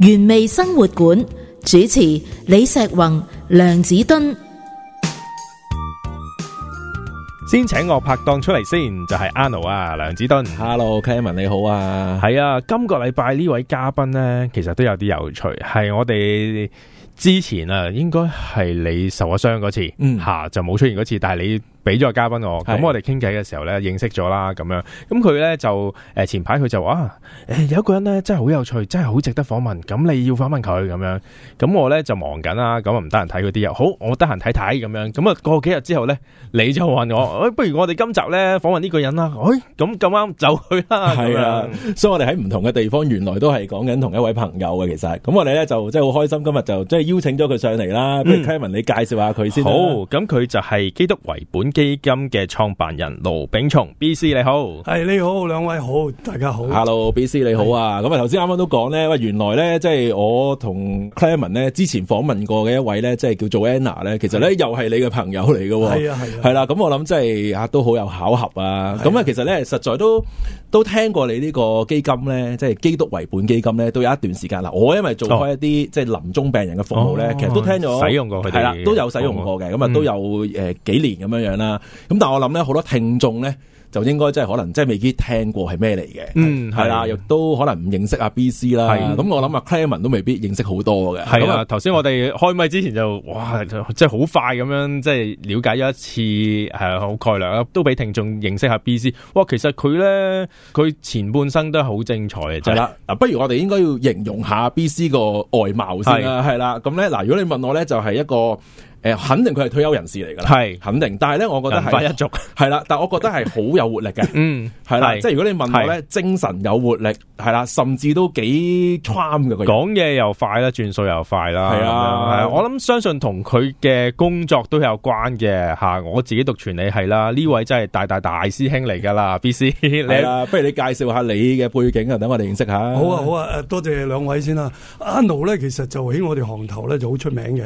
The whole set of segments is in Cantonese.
原味生活館主持李石宏、梁子敦，先請我拍檔出嚟先，就係、是、Anu、no、啊，梁子敦。Hello，Kevin 你好啊。係啊，今個禮拜呢位嘉賓呢，其實都有啲有趣。係我哋之前啊，應該係你受咗傷嗰次，嗯，吓、啊、就冇出現嗰次，但係你。俾咗個嘉賓我，咁的我哋傾偈嘅時候咧認識咗啦，咁樣，咁佢咧就誒前排佢就話誒有一個人咧真係好有趣，真係好值得訪問，咁你要訪問佢咁樣，咁我咧就忙緊啦，咁唔得閒睇嗰啲啊，好，我得閒睇睇咁樣，咁啊過幾日之後咧你就話我，不如我哋今集咧訪問呢個人啦，誒咁咁啱就去啦，係啊，所以我哋喺唔同嘅地方原來都係講緊同一位朋友嘅其實，咁我哋咧就真係好開心，今日就即係邀請咗佢上嚟啦，不如聽聞你介紹下佢先、嗯。好，咁佢就係基督為本基金嘅創辦人盧炳松，B.C. 你好，係、hey, 你好，兩位好，大家好，Hello，B.C. 你好啊，咁啊頭先啱啱都講咧，喂，原來咧即係我同 Clayman 咧之前訪問過嘅一位咧，即係叫做 Anna 咧，其實咧的又係你嘅朋友嚟嘅，係啊係啊，係啦，咁我諗即係啊都好有巧合啊，咁啊的其實咧實在都都聽過你呢個基金咧，即係基督維本基金咧，都有一段時間啦。我因為做開一啲即係臨終病人嘅服務咧，哦、其實都聽咗使用過，係啦，都有使用過嘅，咁啊、嗯、都有誒幾年咁樣樣啦。咁但係我諗咧，好多聽眾咧就應該即係可能即係未必聽過係咩嚟嘅，嗯，係啦，亦都可能唔認識阿 B C 啦，係，咁我諗阿 Clayman 都未必認識好多嘅，係啊，頭先我哋開咪之前就哇，即係好快咁樣即係了解咗一次，好概略都俾聽眾認識下 B C，哇，其實佢咧佢前半生都係好精彩嘅，就係啦，嗱，不如我哋應該要形容下 B C 個外貌先啦，係啦，咁咧嗱，如果你問我咧，就係一個。誒，肯定佢係退休人士嚟噶啦，係肯定。但係咧，我覺得係白一族，係啦。但係我覺得係好有活力嘅，嗯，係啦。即係如果你問我咧，精神有活力，係啦，甚至都幾 charm 嘅。佢講嘢又快啦，轉數又快啦。係啊，我諗相信同佢嘅工作都有關嘅吓。我自己讀傳理系啦，呢位真係大大大師兄嚟噶啦。BC，係啦，不如你介紹下你嘅背景啊，等我哋認識下。好啊，好啊，誒，多謝兩位先啦。阿奴咧，其實就喺我哋行頭咧就好出名嘅。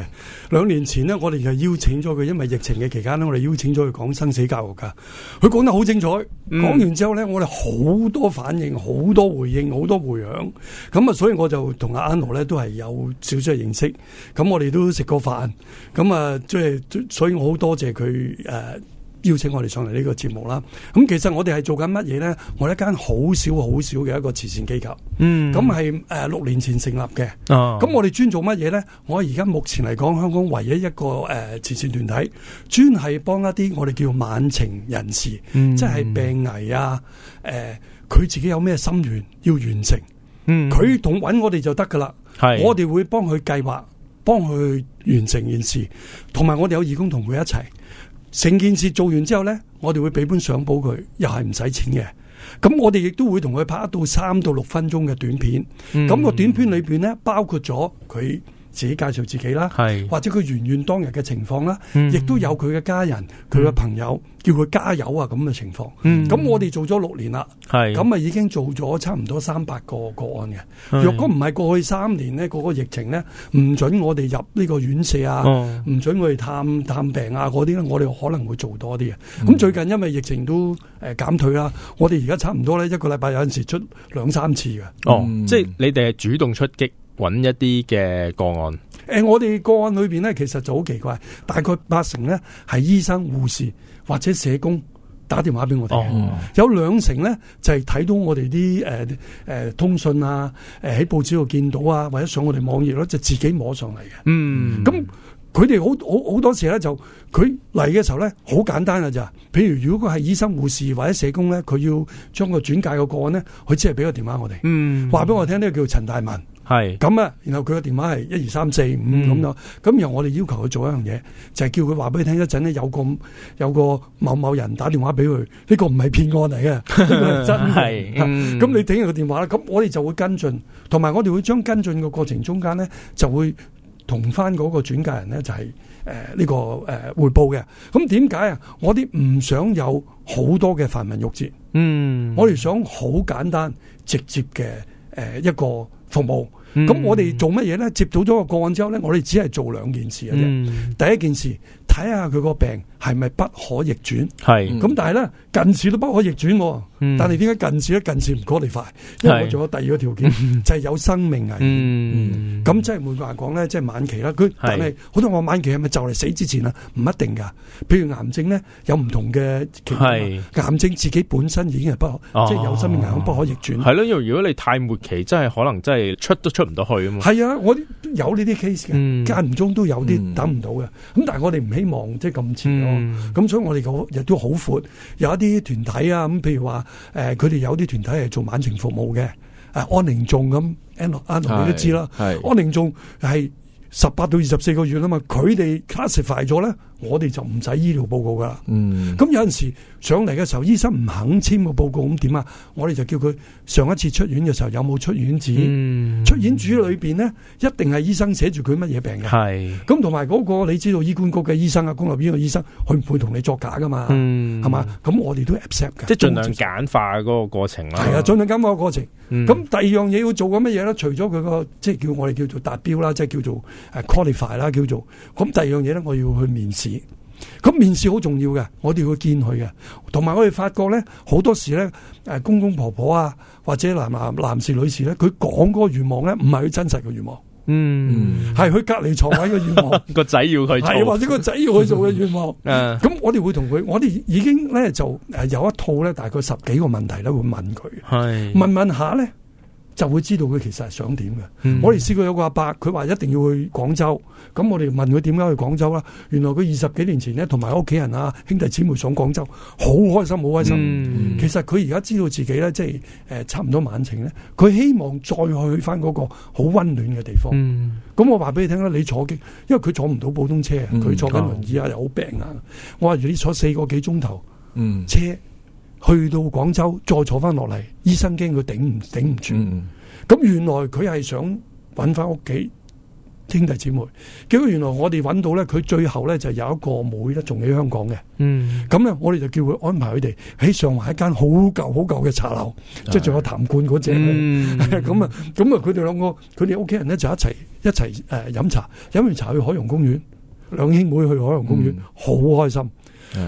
兩年前咧，我我哋就邀請咗佢，因為疫情嘅期間咧，我哋邀請咗佢講生死教育噶，佢講得好精彩。講、嗯、完之後咧，我哋好多反應、好多回應、好多回響。咁啊、即係，所以我就同阿安豪咧都係有少少認識。咁我哋都食過飯。咁啊，即係，所以我好多謝佢誒。呃邀請我哋上嚟呢個節目啦，咁其實我哋係做緊乜嘢咧？我一間好少好少嘅一個慈善機構，嗯，咁係誒六年前成立嘅，哦，咁我哋專做乜嘢咧？我而家目前嚟講，香港唯一一個誒慈善團體，專係幫一啲我哋叫晚晴人士，嗯、即係病危啊，誒、呃，佢自己有咩心願要完成，嗯，佢同揾我哋就得㗎喇，係是，我哋會幫佢計劃，幫佢完成件事，同埋我哋有義工同佢一齊。成件事做完之後咧，我哋會俾本相簿佢，又係唔使錢嘅。咁我哋亦都會同佢拍一到三到六分鐘嘅短片。咁個短片裏邊咧，包括咗佢。自己介紹自己啦，或者佢圓願當日嘅情況啦，亦都有佢嘅家人、佢嘅朋友叫佢加油啊咁嘅情況。咁我哋做咗六年啦，咁咪已經做咗差唔多三百個個案嘅。若果唔係過去三年呢嗰個疫情呢，唔准我哋入呢個院舍啊，唔准我哋探探病啊嗰啲呢，我哋可能會做多啲嘅。咁最近因為疫情都誒減退啦，我哋而家差唔多呢一個禮拜有陣時出兩三次嘅。哦，即係你哋係主動出擊。揾一啲嘅個案，誒、欸，我哋個案裏邊咧，其實就好奇怪，大概八成咧係醫生、護士或者社工打電話俾我哋，哦、有兩成咧就係、是、睇到我哋啲誒誒通訊啊，誒、呃、喺報紙度見到啊，或者上我哋網頁咯，就自己摸上嚟嘅。嗯，咁佢哋好好好多時咧，就佢嚟嘅時候咧好簡單噶咋，譬如如果佢係醫生、護士或者社工咧，佢要將個轉介個個案咧，佢只係俾個電話我哋，嗯，話俾我聽咧、呢個、叫陳大文。係咁啊，然後佢個電話係一二三四五咁樣，咁然後我哋要求佢做一樣嘢，就係、是、叫佢話俾你聽，一陣咧有個有個某某人打電話俾佢，呢、這個唔係騙案嚟嘅，呢 個係真嘅。咁你頂住個電話啦，咁我哋就會跟進，同埋我哋會將跟進嘅過程中間咧，就會同翻嗰個轉介人咧就係誒呢個誒、呃、匯報嘅。咁點解啊？我哋唔想有好多嘅繁文縟節，嗯，我哋想好、嗯嗯、簡單直接嘅誒一個服務。咁、嗯、我哋做乜嘢咧？接到咗個個案之後咧，我哋只係做兩件事嘅啫。嗯、第一件事，睇下佢個病。係咪不可逆轉？係咁，但係咧近視都不可逆轉喎。但係點解近視咧，近視唔過你快？因為我做咗第二個條件，就係有生命危險。咁即係換句話講咧，即係晚期啦。佢但係好多我晚期係咪就嚟死之前啊？唔一定㗎。譬如癌症咧，有唔同嘅期間，癌症自己本身已經係不可，即係有生命危險，不可逆轉。係咯，因為如果你太末期，真係可能真係出都出唔到去啊嘛。係啊，我有呢啲 case 嘅，間唔中都有啲等唔到嘅。咁但係我哋唔希望即係咁遲。嗯，嗯，咁所以我哋個日都好闊，有一啲團體啊，咁譬如話，誒、呃，佢哋有啲團體係做晚晴服務嘅，誒，安寧頌咁 a n 你都知啦，安寧頌係。是十八到二十四個月啦嘛，佢哋 classify 咗咧，我哋就唔使醫療報告噶。嗯，咁有陣時上嚟嘅時候，醫生唔肯簽個報告，咁點啊？我哋就叫佢上一次出院嘅時候有冇出院紙？嗯、出院紙裏邊咧，一定係醫生寫住佢乜嘢病嘅。係是，咁同埋嗰個你知道醫管局嘅醫生啊，公立醫院嘅醫生，佢唔會同你作假噶嘛？嗯，係嘛？咁我哋都 accept 嘅。即係盡量簡化嗰個過程啦。係、就是嗯、啊，盡量簡化個過程。咁、嗯、第二樣嘢要做緊乜嘢咧？除咗佢個即係叫我哋叫，叫做達標啦，即係叫做。係、uh, qualify 啦，叫做咁。第二樣嘢咧，我要去面試。咁面試好重要嘅，我哋會見佢嘅。同埋我哋發覺咧，好多時咧，誒，公公婆婆啊，或者男男男士女士咧，佢講嗰個願望咧，唔係佢真實嘅願望。嗯，係佢、嗯、隔籬床位嘅願望，個仔、嗯、 要佢係，或者個仔要佢做嘅願望。誒、嗯，咁、uh, 嗯、我哋會同佢，我哋已經咧就誒有一套咧，大概十幾個問題咧會問佢，的的問問下咧。就會知道佢其實係想點嘅。嗯、我哋試過有個阿伯，佢話一定要去廣州。咁我哋問佢點解去廣州啦？原來佢二十幾年前咧，同埋屋企人啊、兄弟姊妹上廣州，好開心，好開心。嗯、其實佢而家知道自己咧，即係誒、呃、差唔多晚晴咧，佢希望再去翻嗰個好温暖嘅地方。咁、嗯、我話俾你聽啦，你坐機，因為佢坐唔到普通車，佢、嗯、坐緊輪椅啊，嗯、又好病啊。我話你坐四個幾鐘頭車。去到廣州再坐翻落嚟，醫生驚佢頂唔頂唔住，咁、嗯、原來佢係想揾翻屋企兄弟姐妹。結果原來我哋揾到咧，佢最後咧就有一個妹咧仲喺香港嘅，咁咧、嗯、我哋就叫佢安排佢哋喺上環一間好舊好舊嘅茶樓，即係仲有痰罐嗰隻，咁啊咁啊佢哋兩個佢哋屋企人咧就一齊一齊誒飲茶，飲完茶去海洋公園，兩兄妹去海洋公園好開心。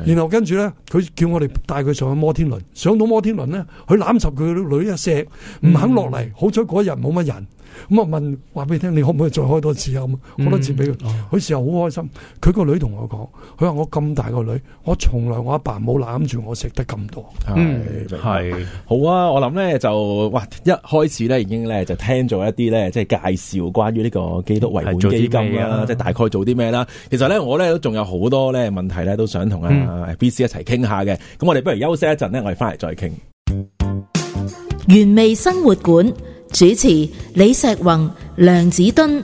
然後跟住咧，佢叫我哋帶佢上去摩天輪，上到摩天輪咧，佢攬實佢女啊錫，唔肯落嚟。好彩嗰日冇乜人。咁啊問話俾你聽，你可唔可以再開多次啊？咁好多次俾佢，佢事後好開心。佢個女同我講，佢話我咁大個女，我從來我阿爸冇攬住我食得咁多。嗯，係好啊！我諗咧就哇，一開始咧已經咧就聽咗一啲咧即係介紹關於呢個基督維穩基金啦，即係大概做啲咩啦。其實咧我咧都仲有好多咧問題咧都想同阿 B C 一齊傾下嘅。咁我哋不如休息一陣咧，我哋翻嚟再傾。原味生活館。主持李石宏、梁子敦。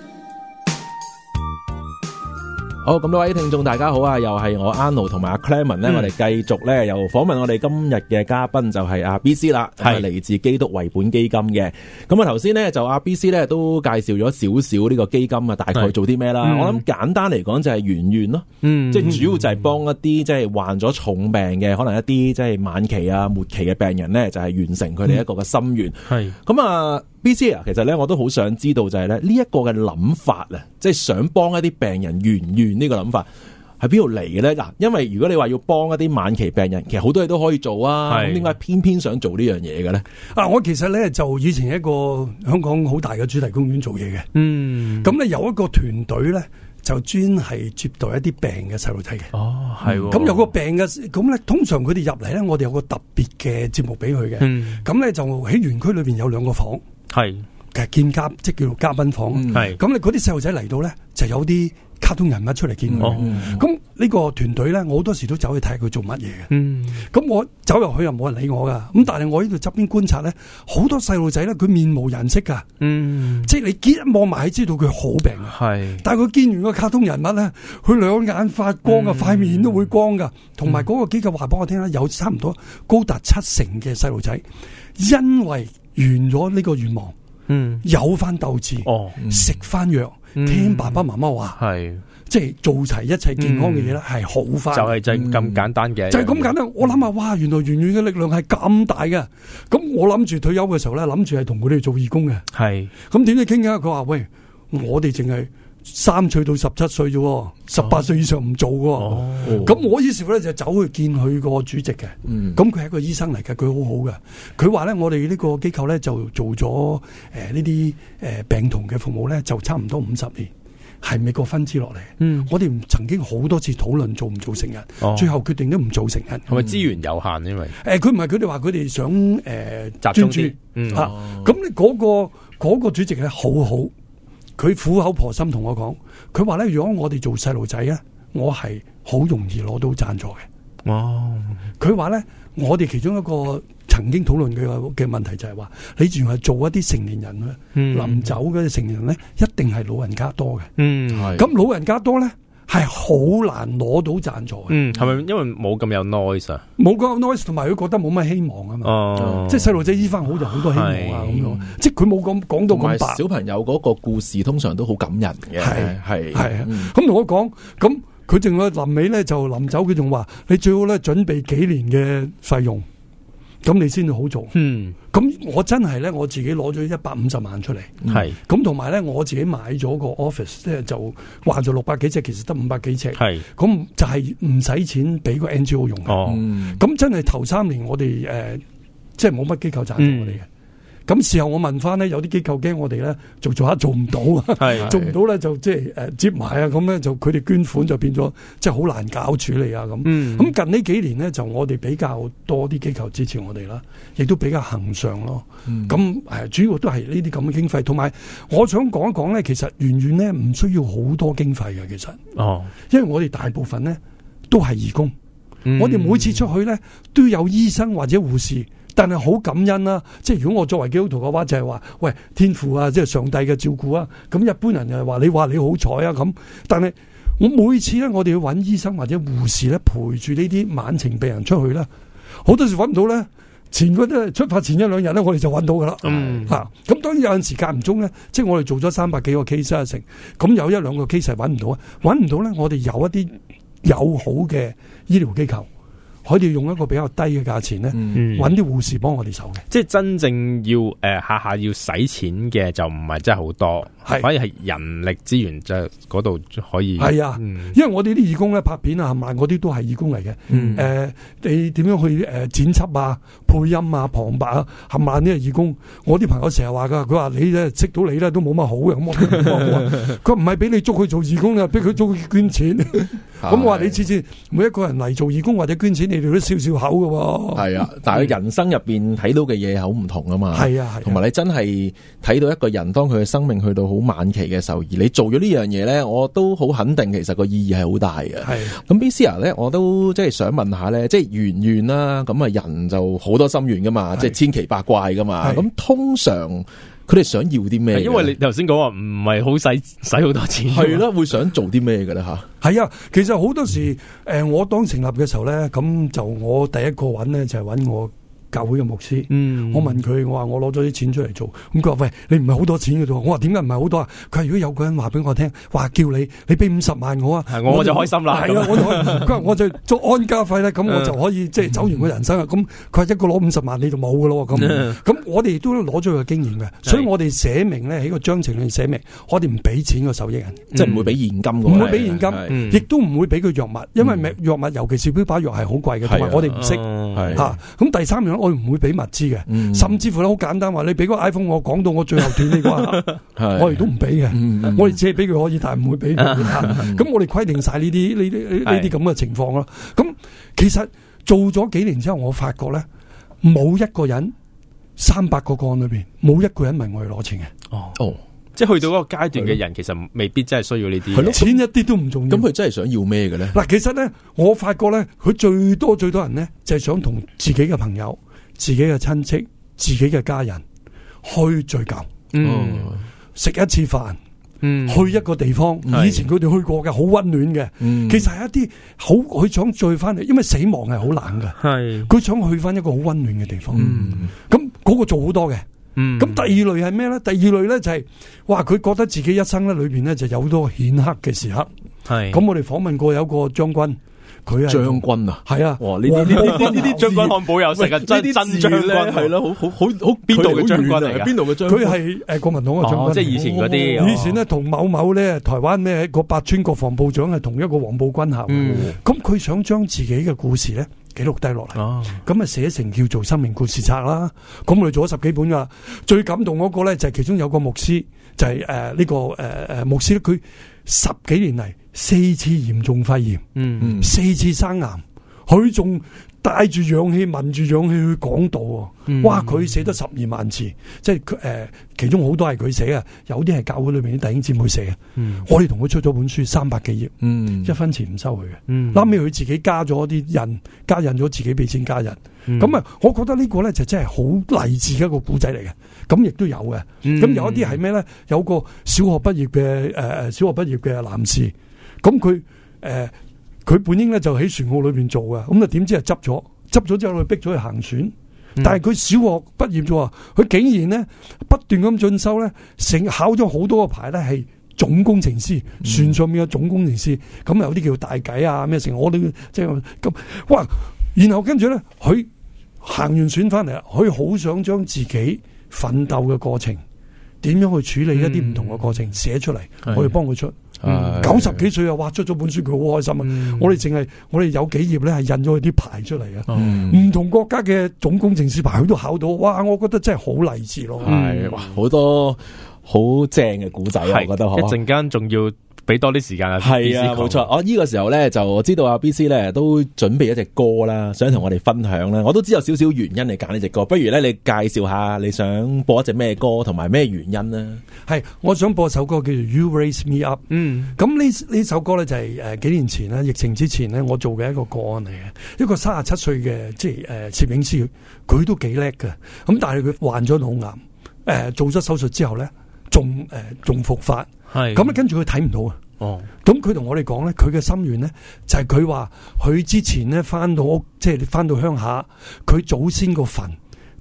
好，咁多位聽眾大家好啊！又係我 Anu 同埋阿 Clement 咧，我哋繼續咧，又訪問我哋今日嘅嘉賓就係阿 B C 啦是，係嚟自基督維本基金嘅。咁啊是，頭先咧就阿 B C 咧都介紹咗少少呢個基金啊，大概做啲咩啦？是我諗簡單嚟講就係圓願咯，嗯、即係主要就係幫一啲即係患咗重病嘅，嗯、可能一啲即係晚期啊、末期嘅病人咧，就係、是、完成佢哋一個嘅心願。係咁啊！是嗯 B.C.A. 其實咧，我都好想知道就係咧呢一個嘅諗法啊，即係想幫一啲病人圓願呢個諗法係邊度嚟嘅咧？嗱，因為如果你話要幫一啲晚期病人，其實好多嘢都可以做啊。咁點解偏偏想做呢樣嘢嘅咧？啊，我其實咧就以前一個香港好大嘅主題公園做嘢嘅，嗯，咁咧有一個團隊咧就專係接待一啲病嘅細路仔嘅。哦，係。咁有個病嘅，咁咧通常佢哋入嚟咧，我哋有個特別嘅節目俾佢嘅。嗯，咁咧就喺園區裏邊有兩個房。係，其實見嘉即叫做嘉賓房。係、嗯，咁咧嗰啲細路仔嚟到咧，就有啲卡通人物出嚟見佢。咁、哦、呢個團隊咧，好多時都走去睇佢做乜嘢嘅。嗯，咁我走入去又冇人理我噶。咁但係我呢度側邊觀察咧，好多細路仔咧，佢面無人色噶。嗯，即係你見一望埋，知道佢好病。係是，但係佢見完個卡通人物咧，佢兩眼發光啊，塊、嗯、面都會光噶。同埋嗰個機構話俾我聽啦，有差唔多高達七成嘅細路仔，因為。完咗呢個願望，嗯、哦，嗯，有翻鬥志，哦，食翻藥，聽爸爸媽媽話，係、嗯，即係做齊一切健康嘅嘢咧，係好翻，就係真咁簡單嘅，就係咁簡單。嗯、我諗下，哇，原來圓願嘅力量係咁大嘅，咁我諗住退休嘅時候咧，諗住係同佢哋做義工嘅，係是，咁點解傾嘅？佢話喂，我哋淨係。三歲到十七歲啫，十八歲以上唔做。咁我呢時候咧就走去見佢個主席嘅。咁佢係一個醫生嚟嘅，佢好好嘅。佢話咧，我哋呢個機構咧就做咗誒呢啲誒病童嘅服務咧，就差唔多五十年，係美國分支落嚟。嗯，我哋曾經好多次討論做唔做成人，最後決定都唔做成人，係咪資源有限因咪誒，佢唔係佢哋話佢哋想誒集中啲。嗯啊，咁你嗰個個主席咧好好。佢苦口婆心同我講，佢話咧如果我哋做細路仔啊，我係好容易攞到讚助嘅。哦，佢話咧我哋其中一個曾經討論嘅嘅問題就係話，你仲係做一啲成年人咧，臨走嘅成年人咧，一定係老人家多嘅。嗯，係。咁老人家多咧？係好難攞到贊助嘅。嗯，係咪因為冇咁有，有 noise 啊？冇嗰個 noise，同埋佢覺得冇乜希望啊嘛，哦，即係細路仔醫翻好就好多希望啊咁樣的，即係佢冇咁講到咁白。小朋友嗰個故事通常都好感人嘅，係係係啊，咁同我講，咁佢淨係臨尾咧就臨走佢仲話，你最好咧準備幾年嘅費用。咁你先至好做，嗯，咁我真係咧，我自己攞咗一百五十萬出嚟，係、嗯，咁同埋咧，我自己買咗個 office，即係就話咗六百幾尺，其實得五百幾尺，係是，咁就係唔使錢俾個 NGO 用嘅，哦，咁、嗯、真係頭三年我哋誒、呃，即係冇乜機構贊助我哋嘅。嗯咁事後我問翻咧，有啲機構驚我哋咧做做下做唔到， 做唔到咧就即係誒接埋啊，咁咧就佢哋捐款就變咗即係好難搞處理啊咁。咁、嗯、近呢幾年咧，就我哋比較多啲機構支持我哋啦，亦都比較恒常咯。咁誒、嗯，主要都係呢啲咁嘅經費。同埋，我想講一講咧，其實圓願咧唔需要好多經費嘅，其實。哦。因為我哋大部分咧都係義工，嗯、我哋每次出去咧都有醫生或者護士。但係好感恩啦，啊，即係如果我作為基督徒嘅話，就係、是、話喂天父啊，即係上帝嘅照顧啊。咁一般人就係話你話你好彩啊咁。但係我每次咧，我哋要揾醫生或者護士咧，陪住呢啲晚晴病人出去啦。好多時揾唔到咧。前嗰啲出發前一兩日咧，我哋就揾到噶啦。嗯，啊，咁當然有陣時間唔中咧，即係我哋做咗三百幾個 case 啊。成，咁有一兩個 case 係揾唔到啊，揾唔到咧，我哋有一啲友好嘅醫療機構可以用一個比較低嘅價錢咧，揾啲護士幫我哋手嘅。即係真正要誒、呃、下下要使錢嘅就唔係真係好多，是反而係人力資源就嗰度可以。係、嗯、啊，因為我哋啲義工咧拍片啊、冚唪唥嗰啲都係義工嚟嘅。誒、嗯呃，你點樣去誒剪輯啊、配音啊、旁白啊、冚唪唥啲義工？我啲朋友成日話噶，佢話你咧識到你咧都冇乜好嘅。佢唔係俾你捉佢做義工嘅，俾佢捉佢捐錢。 咁、啊、我話你次次每一個人嚟做義工或者捐錢，你哋都笑笑口噶喎、啊。係啊，但係人生入邊睇到嘅嘢好唔同啊嘛。係啊，同埋、啊、你真係睇到一個人，當佢嘅生命去到好晚期嘅時候，而你做咗呢樣嘢咧，我都好肯定，其實個意義係好大嘅。係、啊。咁 BCR 啊咧，我都即係想問下咧，即係圓願啦。咁啊人就好多心願噶嘛，即係、啊、千奇百怪噶嘛。咁、啊、通常。佢哋想要啲咩？因為你頭先講話唔係好使，使好多錢，係咯，會想做啲咩㗎喇吓？係啊， 其實好多時，誒、呃，我當成立嘅時候咧，咁就我第一個揾咧就係、是、揾我。教會嘅牧師，嗯，我問佢，我話我攞咗啲錢出嚟做，咁佢話喂，你唔係好多錢嘅啫，我話點解唔係好多啊？佢話如果有個人話俾我聽話叫你，你俾五十萬我啊，我就開心啦，係咯，我就佢話我就做安家費咧，咁我就可以即係走完個人生啊，咁佢一個攞五十萬你就冇噶咯，咁咁我哋都攞咗佢嘅經驗嘅，所以我哋寫明咧喺個章程裏邊寫明，我哋唔俾錢個受益人，即係唔會俾現金，唔會俾現金，亦都唔會俾佢藥物，因為咩藥物尤其是標靶藥係好貴嘅，同埋我哋唔識吓，咁第三樣。我唔會俾物資嘅，甚至乎咧好簡單話，你俾個 iPhone，我講到我最後斷呢個，我亦都唔俾嘅。我亦借俾佢可以，但係唔會俾。咁我哋規定晒呢啲呢啲呢啲咁嘅情況咯。咁其實做咗幾年之後，我發覺咧，冇一個人三百個個案裏邊，冇一個人問我哋攞錢嘅。哦哦，即係去到嗰個階段嘅人，其實未必真係需要呢啲。係咯，錢一啲都唔重要。咁佢真係想要咩嘅咧？嗱，其實咧，我發覺咧，佢最多最多人咧，就係想同自己嘅朋友。自己嘅親戚、自己嘅家人去聚舊，嗯，食一次飯，嗯，去一個地方，以前佢哋去過嘅，好溫暖嘅，嗯，其實係一啲好，佢想聚翻嚟，因為死亡係好冷嘅，係，佢想去翻一個好溫暖嘅地方，嗯，咁嗰個做好多嘅，嗯，咁第二類係咩咧？第二類咧就係，哇，佢覺得自己一生咧裏邊咧就有好多顯赫嘅時刻，係，咁我哋訪問過有一個將軍。佢將軍啊，係啊，哇！呢啲呢啲將軍漢堡有成日真真將軍係咯，好好好，邊度嘅將軍嚟㗎？邊度嘅將軍？佢係誒國民黨嘅將軍，即係以前嗰啲。以前呢，同某某咧，台灣咩個八川國防部長係同一個黃埔軍校。咁佢想將自己嘅故事咧記錄低落嚟。咁啊，寫成叫做《生命故事冊》啦。咁我做咗十幾本噶。最感動嗰個咧，就係其中有個牧師，就係誒呢個誒誒牧師，佢十幾年嚟。四次嚴重肺炎，嗯嗯，四次生癌，佢仲帶住氧氣、聞住氧氣去講道，哇！佢寫得十二萬字，即係誒，其中好多係佢寫嘅，有啲係教會裏邊啲弟兄姊妹寫嘅，我哋同佢出咗本書三百幾頁，一分錢唔收佢嘅，後屘佢自己加咗啲印，加印咗自己俾錢加印，咁啊，我覺得呢個咧就真係好勵志嘅一個古仔嚟嘅。咁亦都有嘅，咁有一啲係咩咧？有個小學畢業嘅誒誒，小學畢業嘅男士。咁佢誒，佢、呃、本應咧就喺、是、船塢裏邊做嘅。咁啊點知係執咗，執咗之後佢逼咗去行船，但係佢小學畢業咗啊，佢竟然咧不斷咁進修咧，成考咗好多個牌咧係總工程師，嗯、船上面嘅總工程師，咁有啲叫大計啊咩成我都即係咁，哇！然後跟住咧，佢行完船翻嚟，佢好想將自己奮鬥嘅過程，點樣去處理一啲唔同嘅過程寫、嗯、出嚟，可以幫佢出。九十幾歲又畫出咗本書，佢好開心啊、嗯！我哋淨係我哋有幾頁咧係印咗佢啲牌出嚟嘅，唔、嗯、同國家嘅總工程師牌佢都考到，哇！我覺得真係好勵志咯，係好、嗯、多好正嘅古仔啊！是我覺得，一陣間仲要。俾多啲時間啊，係啊，冇錯 BC 求。我呢個時候咧，就知道阿、啊、B C 咧都準備一隻歌啦，想同我哋分享啦。我都知有少少原因嚟揀呢隻歌，不如咧你介紹下你想播一隻咩歌，同埋咩原因咧？係我想播首歌叫做 You Raise Me Up。嗯，咁呢呢首歌咧就係、是、誒幾年前咧疫情之前咧我做嘅一個個案嚟嘅，一個三十七歲嘅即係誒攝影師，佢都幾叻㗎。咁但係佢患咗腦癌，誒、呃、做咗手術之後咧。仲誒，仲復、呃、發係咁啊！的跟住佢睇唔到啊！哦，咁佢同我哋講咧，佢嘅心願咧就係佢話佢之前咧翻到屋，即係翻到鄉下，佢祖先個墳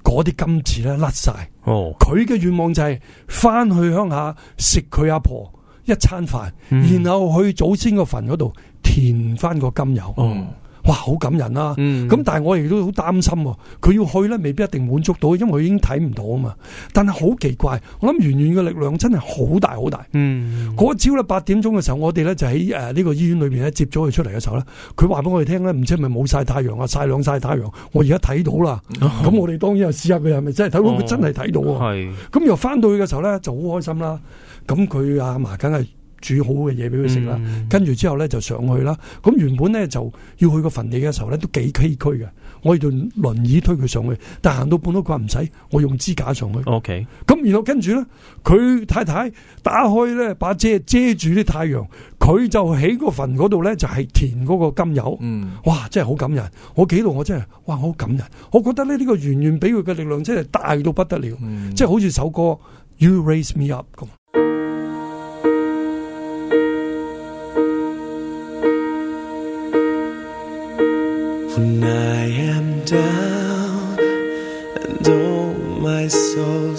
嗰啲金紙咧甩晒哦。佢嘅願望就係翻去鄉下食佢阿婆一餐飯，嗯、然後去祖先個墳嗰度填翻個金油哦。嗯嗯哇，好感人啦，啊！咁，嗯、但係我亦都好擔心，啊，佢要去咧，未必一定滿足到，因為佢已經睇唔到啊嘛。但係好奇怪，我諗圓願嘅力量真係好大好大。嗯，嗰朝咧八點鐘嘅時候，我哋咧就喺誒呢個醫院裏邊咧接咗佢出嚟嘅時候咧，佢話俾我哋聽咧，唔知係咪冇曬太陽啊，曬兩曬太陽，我而家睇到啦。咁，哦、我哋當然又試下佢係咪真係睇到，佢真係睇到。係咁又翻到去嘅時候咧，就好開心啦。咁佢阿嫲梗係。煮好嘅嘢俾佢食啦，跟住之後咧就上去啦。咁原本咧就要去個墳地嘅時候咧都幾崎嶇嘅，我哋就輪椅推佢上去，但行到半路佢話唔使，我用支架上去。OK，咁然後跟住咧，佢太太打開咧把遮遮住啲太陽，佢就喺個墳嗰度咧就係、是、填嗰個甘油。嗯、哇，真係好感人！我幾度我真係哇好感人，我覺得咧呢、這個圓願俾佢嘅力量真係大到不得了，嗯、即係好似首歌 You Raise Me Up 咁。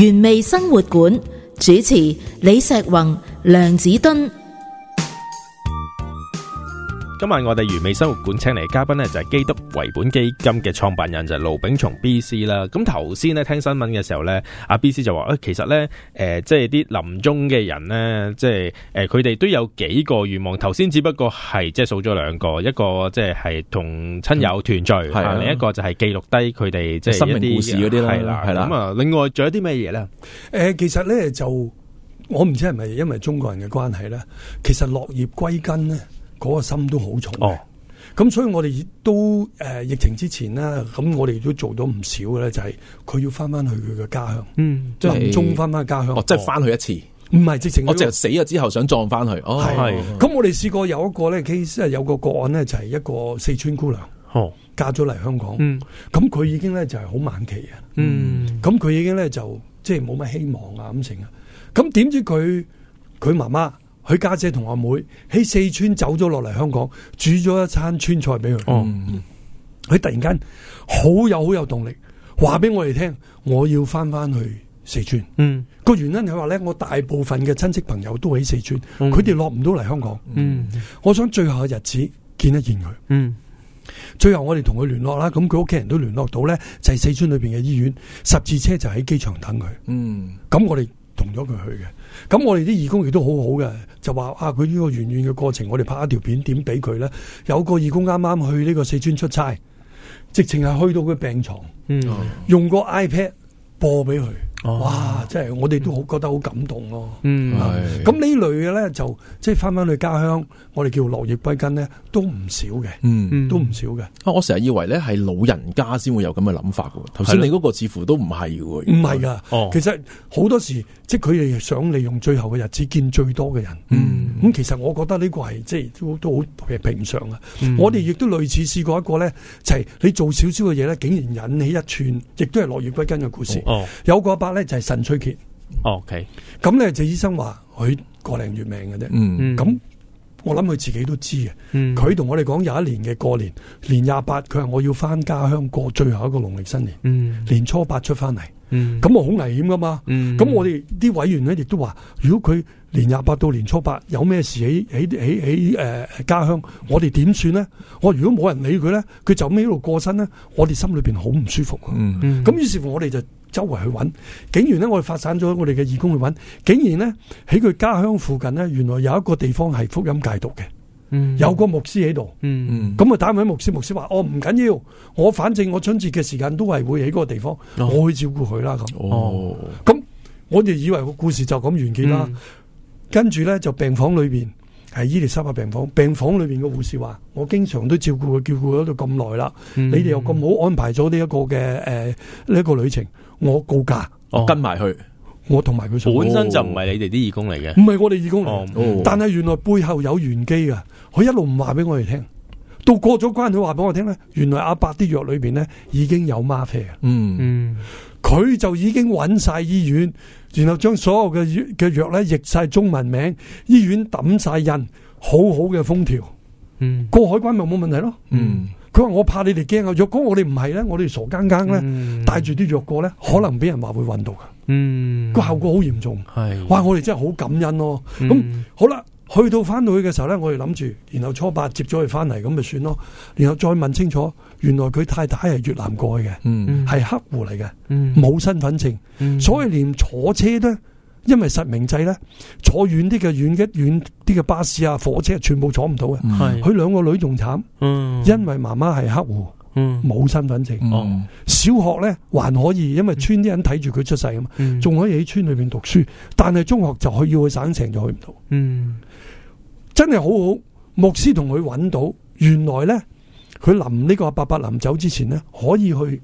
原味生活館主持李錫宏、梁子敦。今日我哋完美生活館請嚟嘅嘉賓呢，就係、是、基督維本基金嘅創辦人就係盧炳松 B C 啦、啊。咁頭先呢，聽新聞嘅時候呢，阿、啊、B C 就話誒，其實呢，誒、呃，即係啲臨終嘅人呢，即係誒，佢、呃、哋都有幾個願望。頭先只不過係即係數咗兩個，一個即係同親友團聚，嗯啊、另一個就係記錄低佢哋即係生命故事嗰啲啦。係啦，咁啊，啊啊另外仲有啲咩嘢呢？誒、呃，其實呢，就我唔知係咪因為中國人嘅關係呢，其實落葉歸根咧。嗰個心都好重嘅，咁所以我哋都誒、呃，疫情之前咧，咁我哋都做咗唔少嘅咧，就係佢要翻翻去佢嘅家鄉，嗯，臨終翻翻家鄉，哦，即係翻去一次，唔係、哦、這個、直情，我即係死咗之後想葬翻去，哦，係，咁我哋試過有一個咧 case 啊，有個個案咧就係一個四川姑娘，哦，嫁咗嚟香港，oh. mm. 嗯，咁佢已經咧就係、是、好晚期啊，嗯，咁佢已經咧就即係冇乜希望啊，咁成啊，咁點知佢佢媽媽？佢家姐同阿妹喺四川走咗落嚟香港，煮咗一餐川菜俾佢。嗯、哦，佢突然間好有好有動力，話俾我哋聽，我要翻翻去四川。嗯，個原因係話咧，我大部分嘅親戚朋友都喺四川，佢哋落唔到嚟香港。嗯，我想最後嘅日子見一見佢。嗯，最後我哋同佢聯絡啦，咁佢屋企人都聯絡到咧，就係四川裏邊嘅醫院，十字車就喺機場等佢。嗯，咁我哋。.同咗佢去嘅，咁我哋啲義工亦都好好嘅，就話啊佢呢個圓願嘅過程，我哋拍一條片點俾佢咧？有個義工啱啱去呢個四川出差，直情係去到佢病床，嗯、用個 iPad 播俾佢。哇！即係我哋都好、嗯、覺得好感動咯、啊。嗯、係、啊。咁呢類嘅咧，就即係翻返去家鄉，我哋叫落葉歸根咧，都唔少嘅。嗯，都唔少嘅。啊，我成日以為咧係老人家先會有咁嘅諗法嘅。頭先你嗰個似乎都唔係喎。唔係噶。哦。其實好多時即係佢哋想利用最後嘅日子見最多嘅人。嗯。咁、嗯、其實我覺得呢個係即係都都好平平常啊。嗯、我哋亦都類似試過一個咧，就係、是、你做少少嘅嘢咧，竟然引起一串，亦都係落葉歸根嘅故事。哦。哦有個咧就係腎衰竭，OK，咁咧，謝醫生話佢個零月命嘅啫，嗯、mm，咁、hmm. 我諗佢自己都知嘅，佢同、mm hmm. 我哋講有一年嘅過年，年廿八，佢話我要翻家鄉過最後一個農曆新年，嗯、mm，hmm. 年初八出翻嚟，嗯、mm，咁我好危險噶嘛，嗯、mm，咁、hmm. 我哋啲委員咧亦都話，如果佢年廿八到年初八有咩事喺喺喺喺誒家鄉，我哋點算咧？我如果冇人理佢咧，佢就咁喺度過身咧，我哋心裏邊好唔舒服，嗯、mm，咁、hmm. 於是乎我哋就。周圍去揾，竟然咧我哋發散咗我哋嘅義工去揾，竟然咧喺佢家鄉附近咧，原來有一個地方係福音戒毒嘅，有個牧師喺度，咁啊打俾牧師，牧師話：我唔緊要，我反正我春節嘅時間都係會喺嗰個地方，我去照顧佢啦。咁，咁我哋以為個故事就咁完結啦。跟住咧就病房裏邊係伊利沙伯病房，病房裏邊個護士話：我經常都照顧佢，照顧咗到咁耐啦。嗯嗯，你哋又咁好安排咗呢一個嘅誒呢一個旅程。bao ise RF ari troisième 我告假，跟埋去，我同埋佢本身就唔係你哋啲義工嚟嘅，唔係我哋義工嚟。哦嗯、但係原來背後有玄機噶，佢一路唔話俾我哋聽，到過咗關佢話俾我聽咧，原來阿伯啲藥裏邊咧已經有嗎啡，嗯嗯，佢、嗯、就已經揾晒醫院，然後將所有嘅嘅藥咧譯晒中文名，醫院抌晒印，好好嘅封條，嗯，過海關咪冇問題咯，嗯。嗯佢話我怕你哋驚啊！若果我哋唔係咧，我哋傻更更咧，帶住啲藥過咧，可能俾人話會運毒噶，個效果好嚴重。係，是的 哇！我哋真係好感恩咯。咁、嗯、好啦，去到翻到去嘅時候咧，我哋諗住，然後初八接咗佢翻嚟，咁咪算咯。然後再問清楚，原來佢太太係越南過去嘅，係、嗯、黑戶嚟嘅，冇、嗯、身份證，嗯、所以連坐車都。因為實名制呢，坐遠啲嘅遠嘅遠啲嘅巴士啊、火車全部坐唔到嘅。佢兩、嗯、個女仲慘，嗯、因為媽媽係黑戶，冇、嗯、身份證。嗯、小學呢還可以，因為村啲人睇住佢出世啊嘛，仲、嗯、可以喺村裏面讀書。但係中學就去要去省城就去唔到。嗯，真係好好。牧師同佢揾到，原來呢，佢臨呢個阿伯伯臨走之前呢可以去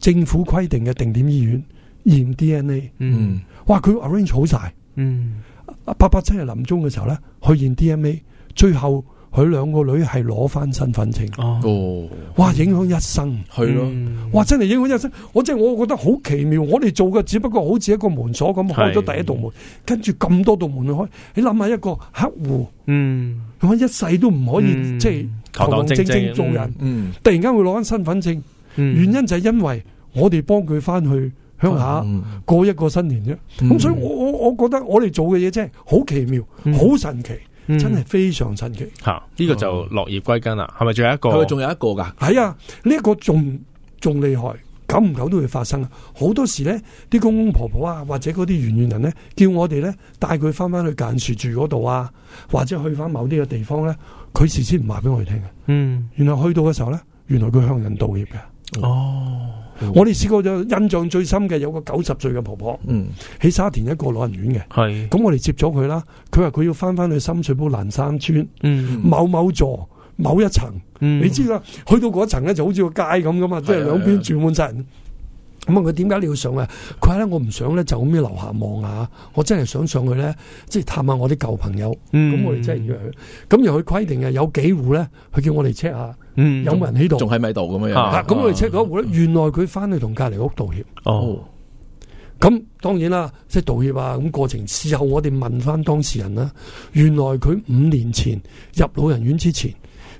政府規定嘅定點醫院。驗 DNA，嗯，哇！佢 arrange 好晒，嗯，八八七日臨終嘅時候咧，去驗 DNA，最後佢兩個女係攞翻身份證，啊，哦，哇！影響一生，係咯，嗯，哇！真係影響一生，我真係我覺得好奇妙，我哋做嘅只不過好似一個門鎖咁，開咗第一道門，是跟住咁多道門去開，你諗下一個客戶，嗯，可一世都唔可以，嗯，即係堂堂正正做人，嗯，嗯突然間會攞翻身份證，原因就係因為我哋幫佢翻去。鄉下過一個新年啫，咁、嗯、所以我我我覺得我哋做嘅嘢真係好奇妙，好、嗯、神奇，嗯、真係非常神奇。吓、啊，呢、這個就落葉歸根啦，係咪仲有一個？係咪仲有一個噶？係啊，呢、這、一個仲仲厲害，久唔久都會發生啊！好多時咧，啲公公婆婆啊，或者嗰啲原住人咧，叫我哋咧帶佢翻翻去舊樹住嗰度啊，或者去翻某啲嘅地方咧，佢事先唔話俾我哋聽嘅。嗯，原來去到嘅時候咧，原來佢向人道歉嘅。嗯、哦。 我哋試過咗印象最深嘅有個九十歲嘅婆婆，喺、嗯、沙田一個老人院嘅，咁是我哋接咗佢啦。佢話佢要翻翻去深水埗南山村，嗯、某某座某一層，嗯、你知啦，去到嗰層咧就好似個街咁噶嘛，即係兩邊住滿晒人。的咁問佢點解你要上啊？佢話咧，我唔想咧，就咁樣樓下望下。我真係想上去咧，即係探下我啲舊朋友。咁、嗯、我哋真係約佢。咁又佢規定嘅有幾戶咧，佢叫我哋 check 下有有，有冇人喺度。仲喺咪度咁樣？啊，咁、啊啊、我哋 check 嗰戶咧，原來佢翻去同隔籬屋道歉。哦，咁當然啦，即、就、係、是、道歉啊！咁過程事後我哋問翻當事人啦，原來佢五年前入老人院之前，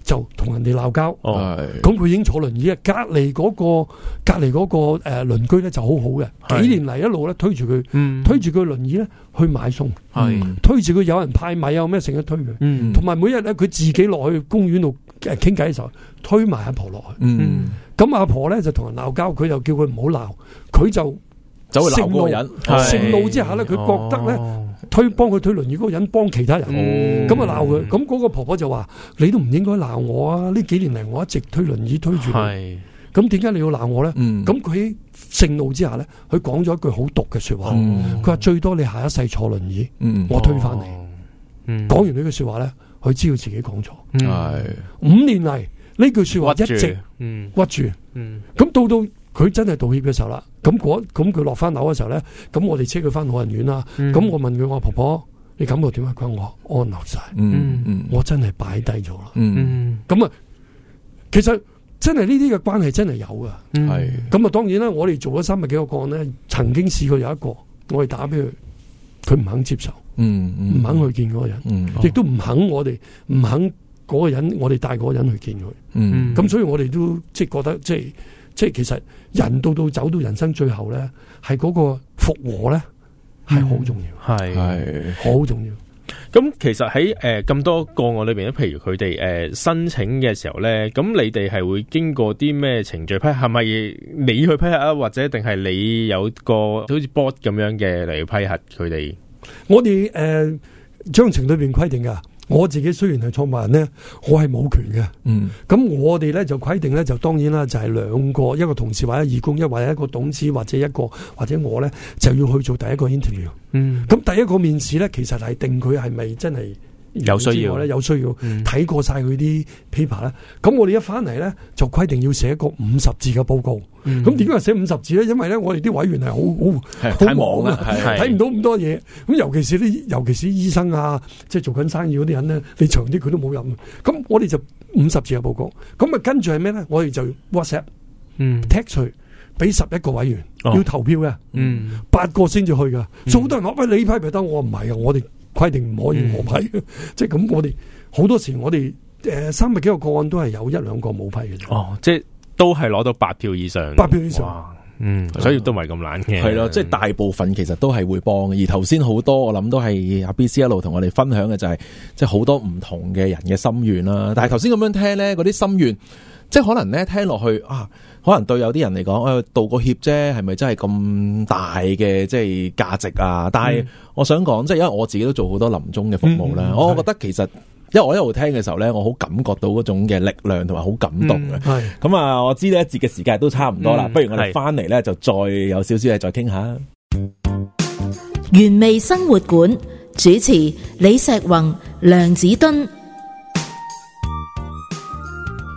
就同人哋鬧交，咁佢已經坐輪椅。隔籬嗰個隔籬嗰個誒鄰居咧就好好嘅，幾年嚟一路咧推住佢，嗯、推住佢輪椅咧去買餸，嗯、推住佢有人派米啊，咩成日推佢，同埋每日咧佢自己落去公園度傾偈嘅時候，推埋阿婆落去。咁、嗯嗯、阿婆咧就同人鬧交，佢就叫佢唔好鬧，佢就走去鬧人。盛怒，嗯、怒之下咧，佢覺得咧。哦哦推幫佢推輪椅，嗰個人幫其他人，咁啊，鬧佢，咁嗰個婆婆就話：你都唔應該鬧我啊！呢幾年嚟，我一直推輪椅推住你，咁點解你要鬧我咧？咁佢喺盛怒之下咧，佢講咗一句好毒嘅說話，佢話最多你下一世坐輪椅，我推返你。講完呢句說話咧，佢知道自己講錯。係五年嚟呢句說話一直屈住，咁到到。佢真係道歉嘅時候啦，咁咁佢落翻樓嘅時候咧，咁我哋車佢翻老人院啦。咁、嗯、我問佢：我婆婆，你感覺點啊？佢話我安樂晒，嗯、我真係擺低咗啦。咁啊、嗯，其實真係呢啲嘅關係真係有噶。係咁啊，當然啦，我哋做咗三十幾個個案咧，曾經試過有一個，我哋打俾佢，佢唔肯接受，唔、嗯嗯、肯去見嗰個人，亦、嗯嗯哦、都唔肯我哋唔肯嗰個人，我哋帶嗰個人去見佢，咁、嗯嗯、所以我哋都即係覺得即係。即係其實人到到走到人生最後咧，係嗰個復和咧，係好重要，係係好重要。咁其實喺誒咁多個案裏邊咧，譬如佢哋誒申請嘅時候咧，咁你哋係會經過啲咩程序批？係咪你去批核啊？或者定係你有個好似 board 咁樣嘅嚟批核佢哋？我哋誒章程裏邊規定噶。我自己雖然係創辦人咧，我係冇權嘅。嗯，咁我哋咧就規定咧，就當然啦，就係兩個，一個同事或者義工一，一或者一個董事或者一個，或者我咧就要去做第一個 interview。嗯，咁第一個面試咧，其實係定佢係咪真係？有需要咧，有需要睇過晒佢啲 paper 咧。咁我哋一翻嚟咧，就規定要寫一個五十字嘅報告。咁點解要寫五十字咧？因為咧，我哋啲委員係好好好忙啊，睇唔到咁多嘢。咁尤其是啲，尤其是醫生啊，即係做緊生意嗰啲人咧，你長啲佢都冇飲。咁我哋就五十字嘅報告。咁啊，跟住係咩咧？我哋就 WhatsApp，嗯，text 佢，俾十一個委員要投票嘅，嗯，八個先至去噶。好多人都話：喂，你批評得，我唔係啊，我哋。規定唔可以、嗯、 冇批，即係咁，我哋好多時我哋誒、呃、三百幾個個案都係有一兩個冇批嘅。哦，即係都係攞到八票以上，八票以上，嗯，的所以都唔係咁難嘅。係咯，即係大部分其實都係會幫嘅。而頭先好多我諗都係阿 B C 一路同我哋分享嘅就係、是，即係好多唔同嘅人嘅心願啦。的但係頭先咁樣聽咧，嗰啲心願即係可能咧聽落去啊。可能對有啲人嚟講，誒、哎，道個歉啫，係咪真係咁大嘅即係價值啊？但係、嗯、我想講，即係因為我自己都做好多臨終嘅服務啦，嗯、我覺得其實，因為我一路聽嘅時候咧，我好感覺到嗰種嘅力量同埋好感動嘅。係咁啊，我知呢一節嘅時間都差唔多啦，嗯、不如我哋翻嚟咧就再有少少嘢再傾下。原味生活館主持李石宏、梁子敦。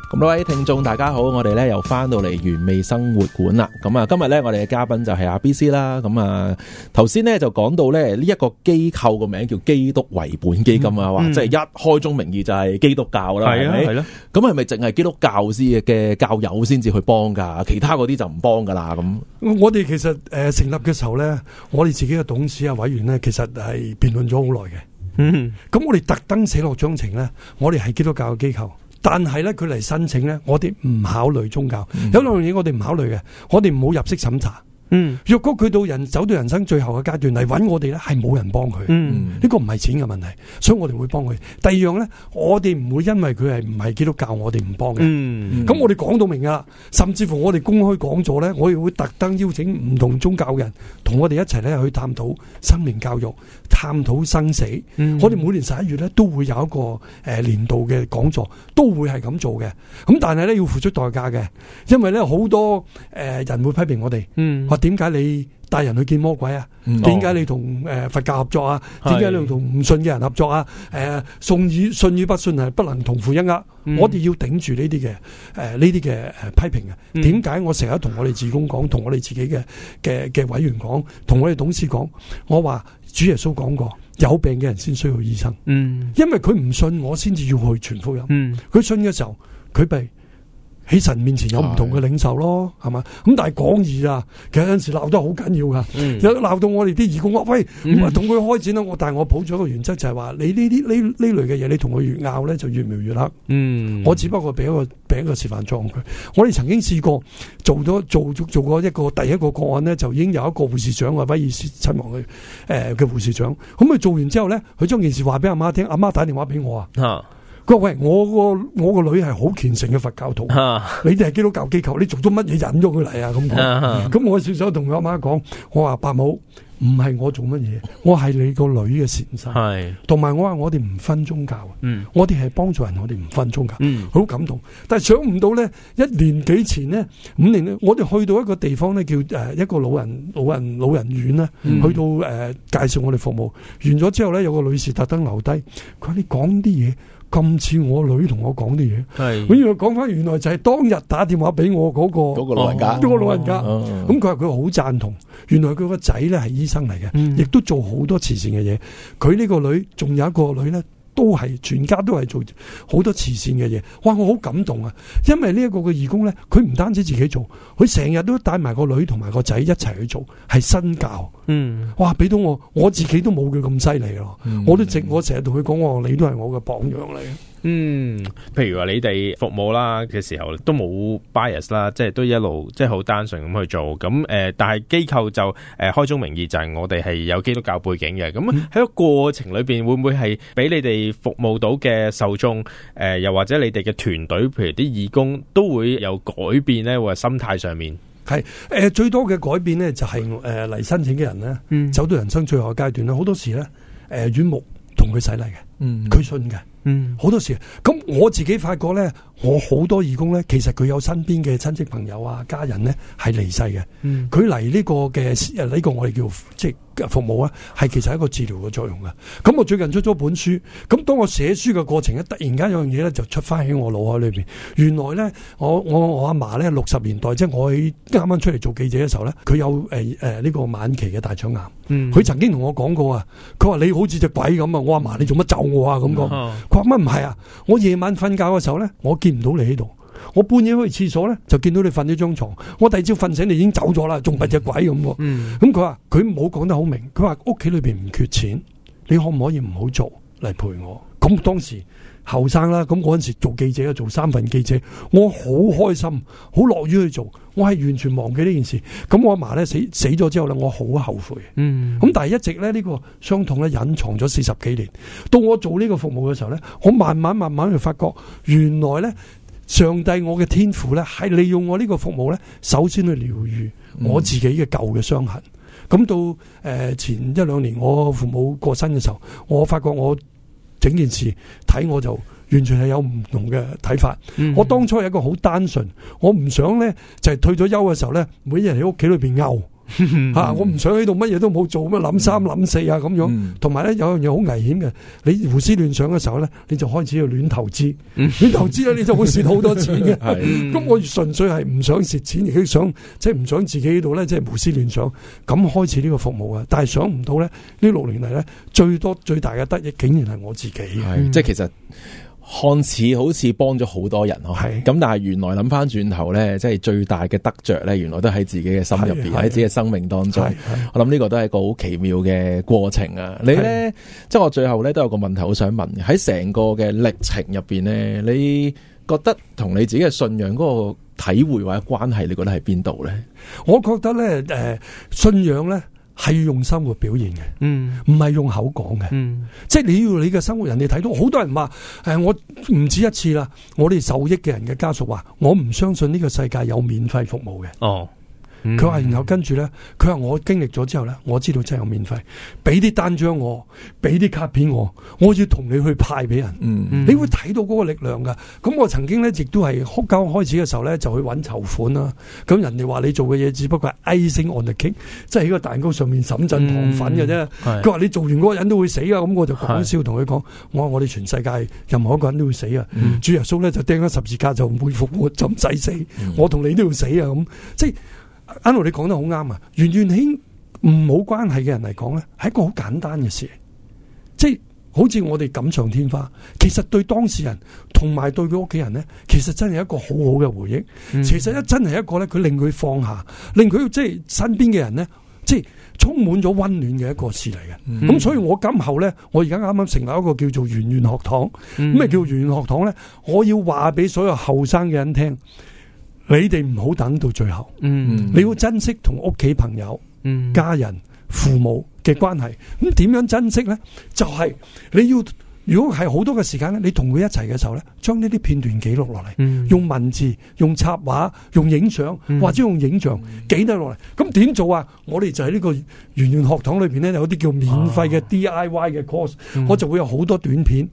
咁各位聽眾大家好，我哋咧又翻到嚟原味生活館啦。咁啊，今日咧我哋嘅嘉賓就係阿 B C 啦。咁啊，頭先咧就講到咧呢一個機構個名叫基督為本基金啊，嗯嗯、即係一開宗名義就係基督教啦，係咪？係咯。咁係咪淨係基督教師嘅教友先至去幫噶？其他嗰啲就唔幫噶啦。咁我哋其實誒成立嘅時候咧，我哋自己嘅董事啊委員咧，其實係辯論咗好耐嘅。嗯，咁我哋特登寫落章程咧，我哋係基督教嘅機構。但係咧，佢嚟申請咧，我哋唔考慮宗教。嗯、有兩樣嘢我哋唔考慮嘅，我哋唔好入息審查。嗯，若果佢到人走到人生最後嘅階段嚟搵我哋咧，係冇人幫佢。嗯，呢個唔係錢嘅問題，所以我哋會幫佢。第二樣咧，我哋唔會因為佢係唔係基督教，我哋唔幫嘅。嗯，咁我哋講到明㗎喇，甚至乎我哋公開講座咧，我哋會特登邀請唔同宗教人同我哋一齊咧去探討生命教育，探討生死。嗯，我哋每年十一月咧都會有一個誒年度嘅講座，都會係咁做嘅。咁但係咧要付出代價嘅，因為咧好多誒人會批評我哋。嗯。點解你帶人去見魔鬼啊？點解你同誒、呃、佛教合作啊？點解你同唔信嘅人合作啊？誒、呃，信與信與不信係不能同負一軛。我哋要頂住呢啲嘅誒呢啲嘅誒批評嘅。點解我成日同我哋職工講，同我哋自己嘅嘅嘅委員講，同我哋董事講？我話主耶穌講過，有病嘅人先需要醫生。嗯，因為佢唔信，我先至要去傳福音。嗯，佢信嘅時候，佢被。喺神面前有唔同嘅領袖咯，係嘛是的？咁但係講義啊，其實有陣時鬧得好緊要噶。有鬧、嗯、到我哋啲義工，我喂，唔係同佢開展啦。但我但係我抱咗一個原則，就係、是、話你呢啲呢呢類嘅嘢，你同佢越拗咧就越描越黑。嗯，我只不過俾一個俾個示範撞佢。我哋曾經試過做咗做做，做過一個第一個個案咧，就已經有一個護士長啊，威爾斯親王嘅誒嘅護士長。咁佢、呃嗯、做完之後咧，佢將件事話俾阿媽聽，阿媽打電話俾我啊。哥，喂！我個我個女係好虔誠嘅佛教徒，你哋係基督教機構，你做咗乜嘢引咗佢嚟啊？咁講，咁我順手同佢阿媽講，我話伯母唔係我做乜嘢，我係你個女嘅善心，係同埋我話我哋唔分宗教，嗯，我哋係幫助人，我哋唔分宗教，嗯，好感動。但係想唔到咧，一年幾前咧，五年咧，我哋去到一個地方咧，叫誒一個老人老人老人院啦，去到誒介紹我哋服務完咗之後咧，有個女士特登留低，佢話你講啲嘢。咁似我女同我講啲嘢，咁是原來講翻，原來就係當日打電話俾我嗰、嗰個，個老人家，哦、個老人家，咁佢話佢好贊同，原來佢個仔咧係醫生嚟嘅，亦都做好多慈善嘅嘢，佢呢個女仲有一個女咧。都係全家都係做好多慈善嘅嘢。哇！我好感動啊，因為呢一個嘅義工咧，佢唔單止自己做，佢成日都帶埋個女同埋個仔一齊去做，係身教。嗯，哇！俾到我我自己都冇佢咁犀利咯，我都直我成日同佢講，我、嗯、你都係我嘅榜樣嚟嘅。嗯，譬如話你哋服務啦嘅時候都冇 bias 啦，即係都一路即係好單純咁去做咁，誒、呃，但係機構就誒、呃、開宗明義就係我哋係有基督教背景嘅。咁喺個過程裏邊會唔會係俾你哋服務到嘅受眾誒、呃，又或者你哋嘅團隊，譬如啲義工都會有改變咧，或者心態上面係誒、呃、最多嘅改變咧，就係誒嚟申請嘅人咧，嗯、走到人生最後嘅階段咧，好多時咧誒，院牧同佢洗禮嘅，嗯，佢信嘅。嗯，好多時，咁我自己發覺咧，我好多義工咧，其實佢有身邊嘅親戚朋友啊、家人咧，係離世嘅。佢嚟呢個嘅呢、啊這個我哋叫即係服務啊，係其實一個治療嘅作用噶。咁、啊、我最近出咗本書，咁、啊、當我寫書嘅過程咧、啊，突然間有樣嘢咧就出翻喺我腦海裏邊。原來咧，我我我阿嫲咧六十年代，即係我啱啱出嚟做記者嘅時候咧，佢有誒誒呢個晚期嘅大腸癌。佢、嗯、曾經同我講過啊，佢話你好似隻鬼咁啊，我阿嫲你做乜咒我啊咁講。佢話乜唔係啊？我夜晚瞓覺嘅時候咧，我見唔到你喺度。我半夜去廁所咧，就見到你瞓咗張床。我第二朝瞓醒，你已經走咗啦，仲扮隻鬼咁。嗯。咁佢話佢冇講得好明，佢話屋企裏邊唔缺錢，你可唔可以唔好做嚟陪我？咁當時。後生啦，咁嗰陣時做記者啊，做三份記者，我好開心，好樂於去做，我係完全忘記呢件事。咁我阿嫲咧死死咗之後咧，我好後悔。嗯，咁但係一直咧呢、呢個傷痛咧隱藏咗四十幾年。到我做呢個服務嘅時候咧，我慢慢慢慢去發覺，原來咧上帝我嘅天賦咧係利用我呢個服務咧，首先去療愈我自己嘅舊嘅傷痕。咁、嗯、到誒、呃、前一兩年我父母過身嘅時候，我發覺我。整件事睇我就完全係有唔同嘅睇法。我當初係一個好單純，我唔想咧就係、是、退咗休嘅時候咧，每日喺屋企裏邊拗。吓！ 嗯、我唔想喺度，乜嘢都冇做，乜諗三諗四啊咁樣。同埋咧，有樣嘢好危險嘅，你胡思亂想嘅時候咧，你就開始要亂投資。亂、嗯、投資咧，你就會蝕好多錢嘅。咁 是 我純粹係唔想蝕錢，而且想即係唔想自己喺度咧，即係胡思亂想，咁開始呢個服務啊。但係想唔到咧，呢六年嚟咧，最多最大嘅得益，竟然係我自己。是嗯、即係其實。看似好似幫咗好多人，係咁是，但係原來諗翻轉頭咧，即係最大嘅得着咧，原來都喺自己嘅心入邊，喺自己嘅生命當中。我諗呢個都係一個好奇妙嘅過程啊！你咧，是即係我最後咧都有個問題好想問，喺成個嘅歷程入邊咧，你覺得同你自己嘅信仰嗰個體會或者關係，你覺得喺邊度咧？我覺得咧，誒、呃，信仰咧。係用生活表現嘅，唔係、嗯、用口講嘅，嗯、即係你要你嘅生活，人哋睇到。好多人話：誒、呃，我唔止一次啦，我哋受益嘅人嘅家屬話，我唔相信呢個世界有免費服務嘅。哦。佢話，然後跟住咧，佢話我經歷咗之後咧，我知道真係有免費，俾啲單張我，俾啲卡片我，我要同你去派俾人。你會睇到嗰個力量噶咁我曾經咧，亦都係哭交開始嘅時候咧，就去揾籌款啦。咁人哋話你做嘅嘢只不過係 icing on the cake，即係喺個蛋糕上面沈陣糖粉嘅啫。佢話你做完嗰個人都會死啊，咁我就講笑同佢講，我話我哋全世界任何一個人都會死啊。主耶穌咧，就釘咗十字架就唔會復活，就唔使死。我同你都要死啊，咁即係。啱，我你講得好啱啊。圓願兄唔冇關係嘅人嚟講咧，係一個好簡單嘅事，即係好似我哋錦上添花，其實對當事人同埋對佢屋企人咧，其實真係一個好好嘅回憶。嗯嗯，其實一真係一個咧，佢令佢放下，令佢即係身邊嘅人咧，即係充滿咗温暖嘅一個事嚟嘅。咁、嗯嗯嗯，所以，我今後咧，我而家啱啱成立一個叫做圓願學堂，咩、嗯嗯，叫圓願學堂咧，我要話俾所有後生嘅人聽。你哋唔好等到最後，mm hmm. 你要珍惜同屋企朋友、mm hmm. 家人、父母嘅關係。咁點樣珍惜咧？就係、是、你要如果係好多嘅時間咧，你同佢一齊嘅時候咧，將呢啲片段記錄落嚟，mm hmm. 用文字、用插畫、用影相或者用影像記錄落嚟。咁點做啊？我哋就喺呢個圓圓學堂裏邊咧，有啲叫免費嘅 D.I.Y. 嘅 course、mm hmm. 我就會有好多短片。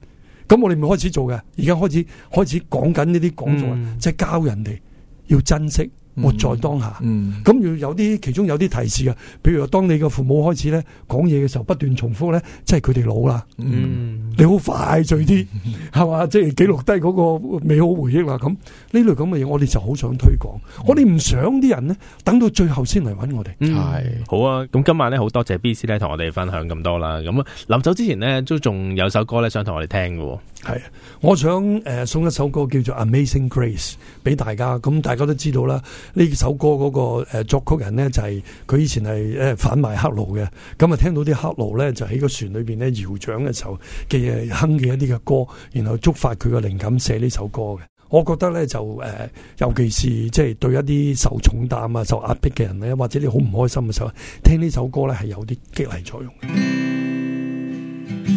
咁我哋咪開始做嘅，而家開始開始講緊呢啲講座，即係、mm hmm. 教人哋。要珍惜，活在當下。咁、嗯嗯、要有啲，其中有啲提示嘅。譬如話，當你嘅父母開始咧講嘢嘅時候，不斷重複咧，即係佢哋老啦。嗯、你好快趣啲，係嘛、嗯？即係記錄低嗰個美好回憶啦。咁呢類咁嘅嘢，我哋就好想推廣。嗯、我哋唔想啲人咧等到最後先嚟揾我哋。係、嗯、是好啊！咁今晚咧好多謝 B C 咧同我哋分享咁多啦。咁臨走之前呢，都仲有首歌咧想同我哋聽嘅。係，我想誒、呃、送一首歌叫做《Amazing Grace》俾大家。咁、嗯、大家都知道啦，呢首歌嗰、那個誒、呃、作曲人呢，就係、是，佢以前係誒、呃、販賣黑奴嘅。咁、嗯、啊聽到啲黑奴呢，就喺個船裏邊呢搖槳嘅時候，嘅哼嘅一啲嘅歌，然後觸發佢嘅靈感寫呢首歌嘅。我覺得呢，就誒、呃，尤其是即係、就是、對一啲受重擔啊、受壓迫嘅人呢，或者你好唔開心嘅時候，聽呢首歌呢，係有啲激勵作用嘅。